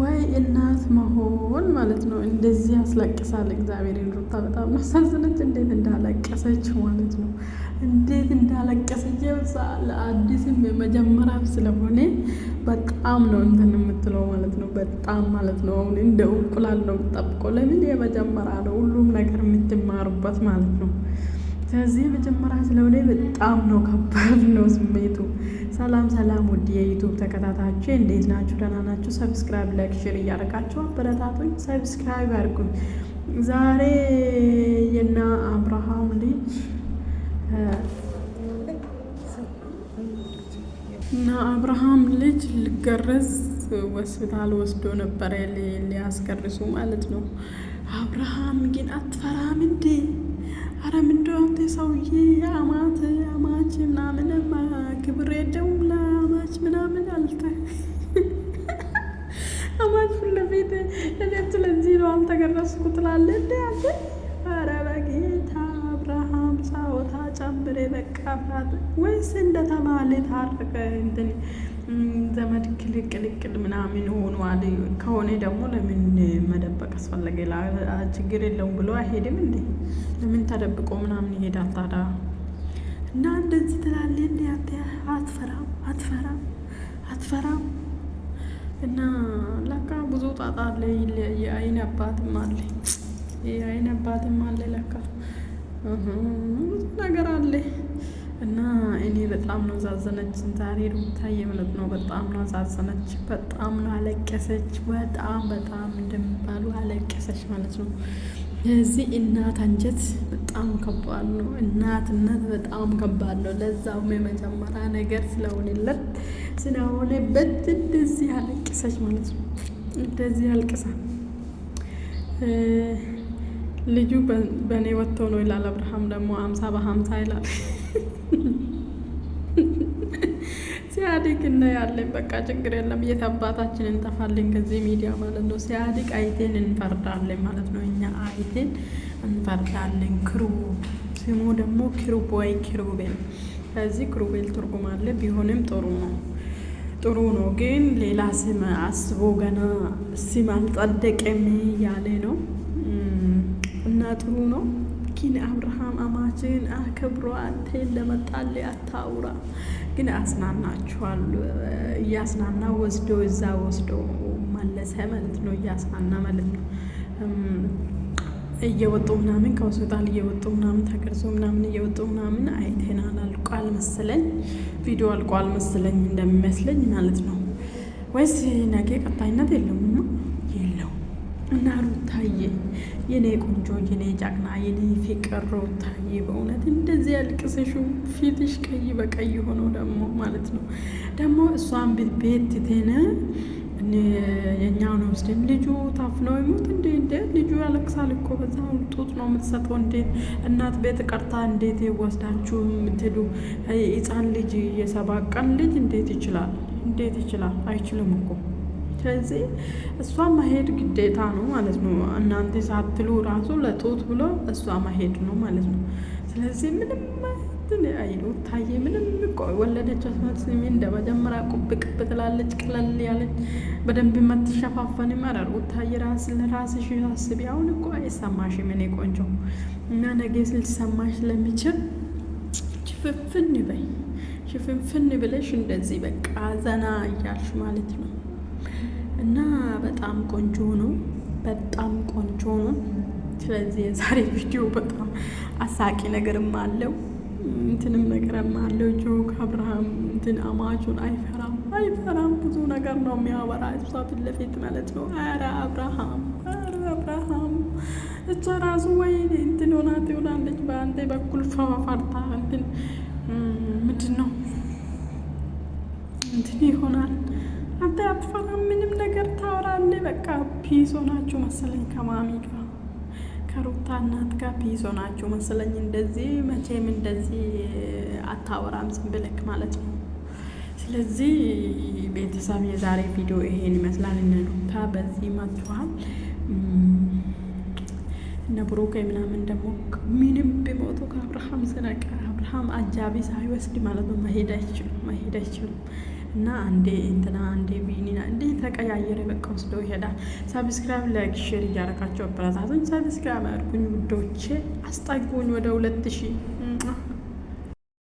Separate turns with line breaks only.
ወይ እናት መሆን ማለት ነው። እንደዚህ ያስለቅሳል። እግዚአብሔር ሩታ በጣም ማሳዝነች። እንዴት እንዳለቀሰች ማለት ነው። እንዴት እንዳለቀሰች ለአዲስም የመጀመሪያም ስለሆነ በጣም ነው እንትን የምትለው ማለት ነው። በጣም ማለት ነው። አሁን እንደ እንቁላል ነው ጠብቆ ለምን የመጀመሪያ ነው ሁሉም ነገር የምትማሩበት ማለት ነው። ስለዚህ የመጀመሪያ ስለሆነ በጣም ነው ከባድ ነው ስሜቱ። ሰላም ሰላም፣ ውድ የዩቱብ ተከታታዮቼ እንዴት ናችሁ? ደህና ናችሁ? ሰብስክራይብ፣ ላይክ፣ ሼር እያደረጋችሁ አበረታቱኝ። ሰብስክራይብ አድርጉኝ። ዛሬ የና አብርሃም ልጅ እና አብርሃም ልጅ ልገረዝ ሆስፒታል ወስዶ ነበረ ሊያስገርሱ ማለት ነው። አብርሃም ግን አትፈራም እንዴ? አረ ምንድነው ሰውዬ አማት አማች ምናምንም ክብር የለውም ለአማች ምናምን አልተ አማች ሁለቤት እኔም ስለዚህ ነው አልተገረዝኩ ትላለ እንደ ያለ አረ በጌታ አብርሃም ሳወታ ጨምሬ በቃ ፍራት ወይስ እንደተባለ ታረቀ እንትን ዘመድ ክልቅልቅል ምናምን ሆኗል። ከሆነ ደግሞ ለምን መደ አስፈለገ ችግር የለውም ብሎ አይሄድም እንዴ? ለምን ተደብቆ ምናምን ይሄዳል ታዲያ? እና እንደዚህ ትላለህ እንዴ? አትፈራም አትፈራም አትፈራም። እና ለካ ብዙ ጣጣ አለ። የአይን አባትም አለ፣ የአይን አባትም አለ ለካ ብዙ ነገር አለ። እና እኔ በጣም ነው ዛዘነችን ዛሬ ሩታዬ ማለት ነው። በጣም ነው ዛዘነች፣ በጣም ነው አለቀሰች። በጣም በጣም እንደሚባሉ አለቀሰች ማለት ነው። ለዚህ እናት አንጀት በጣም ከባድ ነው። እናትነት በጣም ከባድ ነው። ለዛውም የመጀመሪያ ነገር ስለሆነለት ስለሆነበት እንደዚህ አለቀሰች ማለት ነው። እንደዚህ አልቅሳ ልጁ በእኔ ወጥቶ ነው ይላል። አብርሃም ደግሞ አምሳ በሀምሳ ይላል ሲያድግ እናያለን። በቃ ችግር የለም። የት አባታችን እንጠፋለን ከዚህ ሚዲያ ማለት ነው። ሲያድግ አይቴን እንፈርዳለን ማለት ነው። እኛ አይቴን እንፈርዳለን። ክሩ ስሙ ደግሞ ክሩቦይ ክሩቤል። ከዚህ ክሩቤል ትርጉም አለ። ቢሆንም ጥሩ ነው ጥሩ ነው፣ ግን ሌላ ስም አስቦ ገና ስም አልጸደቀም ያለ ነው እና ጥሩ ነው ግን አብርሃም አማችን አከብሯትን ለመጣል አታውራ ግን አጽናናችኋል። እያስናና ወስዶ እዛ ወስዶ መለሰ ማለት ነው። እያስናና ማለት ነው። እየወጡ ምናምን ከሆስፒታል እየወጡ ምናምን ተቀርጾ ምናምን እየወጡ ምናምን አይተናል። አልቋል መሰለኝ ቪዲዮ አልቋል መሰለኝ እንደሚመስለኝ ማለት ነው። ወይስ ነገ ቀጣይነት የለውም የለው እና ሩታዬ የኔ ቆንጆ የኔ ጫቅና የኔ ፍቅር ሩታዬ፣ በእውነት እንደዚህ ያልቅስሹ ፊትሽ ቀይ በቀይ ሆኖ ደግሞ ማለት ነው ደግሞ እሷን ቤት ትቴነ የእኛውን ወስደን ልጁ ታፍኖ ይሞት እንዴ? እንዴ ልጁ ያለቅሳል እኮ በዛ ጡጥ ነው የምትሰጠው። እንዴት እናት ቤት ቀርታ እንዴት ወስዳችሁ የምትሄዱ? ህፃን ልጅ የሰባቀን ቀን ልጅ እንዴት ይችላል? እንዴት ይችላል? አይችልም እኮ ከዚህ እሷ ማሄድ ግዴታ ነው ማለት ነው። እናንተ ሳትሉ ራሱ ለጦት ብሎ እሷ ማሄድ ነው ማለት ነው። ስለዚህ ምንም ማለትን አይሉ ታየ ምንም ቆይ ወለደች አስመስሚ እንደ መጀመሪያ ቁብ ቅብ ትላለች። ቅለል ያለች በደንብ የምትሸፋፈን ይመራል። ታየ ራስ ለራስሽ አስቢ። አሁን እኮ አይሰማሽም እኔ ቆንጆ እና ነገ ሊሰማሽ ስለሚችል ሽፍንፍን በይ ሽፍንፍን ብለሽ እንደዚህ በቃ ዘና እያልሽ ማለት ነው። እና በጣም ቆንጆ ነው። በጣም ቆንጆ ነው። ስለዚህ የዛሬ ቪዲዮ በጣም አሳቂ ነገርም አለው እንትንም ነገርም አለው። ጆክ አብርሃም እንትን አማቹን አይፈራም አይፈራም። ብዙ ነገር ነው የሚያወራ እሷ ፊት ለፊት ማለት ነው። አረ አብርሃም አረ አብርሃም እሷ ራሱ ወይ እንትን ሆና ትውላለች። በአንዴ በኩል ፈፋርታ እንትን ምንድን ነው እንትን ይሆናል። አንተ አትፈራም ፒሶ ናችሁ መሰለኝ ከማሚ ጋር ከሩታ እናት ጋር ፒሶ ናችሁ መሰለኝ። እንደዚህ መቼም እንደዚህ አታወራም ዝም ብለክ ማለት ነው። ስለዚህ ቤተሰብ የዛሬ ቪዲዮ ይሄን ይመስላል። እነ ሩታ በዚህ መጥተዋል። እነ ብሩክ ምናምን ደግሞ ምንም ቢሞቱ ከአብርሃም ስነቀ አብርሃም አጃቢ ሳይወስድ ማለት ነው መሄድ አይችሉም መሄድ አይችሉም። እና አንዴ እንትና አንዴ ቢኒና እንዴ ተቀያየረ በቃ ወስዶ ይሄዳል። ሰብስክራይብ፣ ላይክ፣ ሼር እያረካቸው አበረታቱኝ። ሰብስክራይብ አድርጉኝ ውዶቼ፣ አስጠጉኝ ወደ ሁለት ሺህ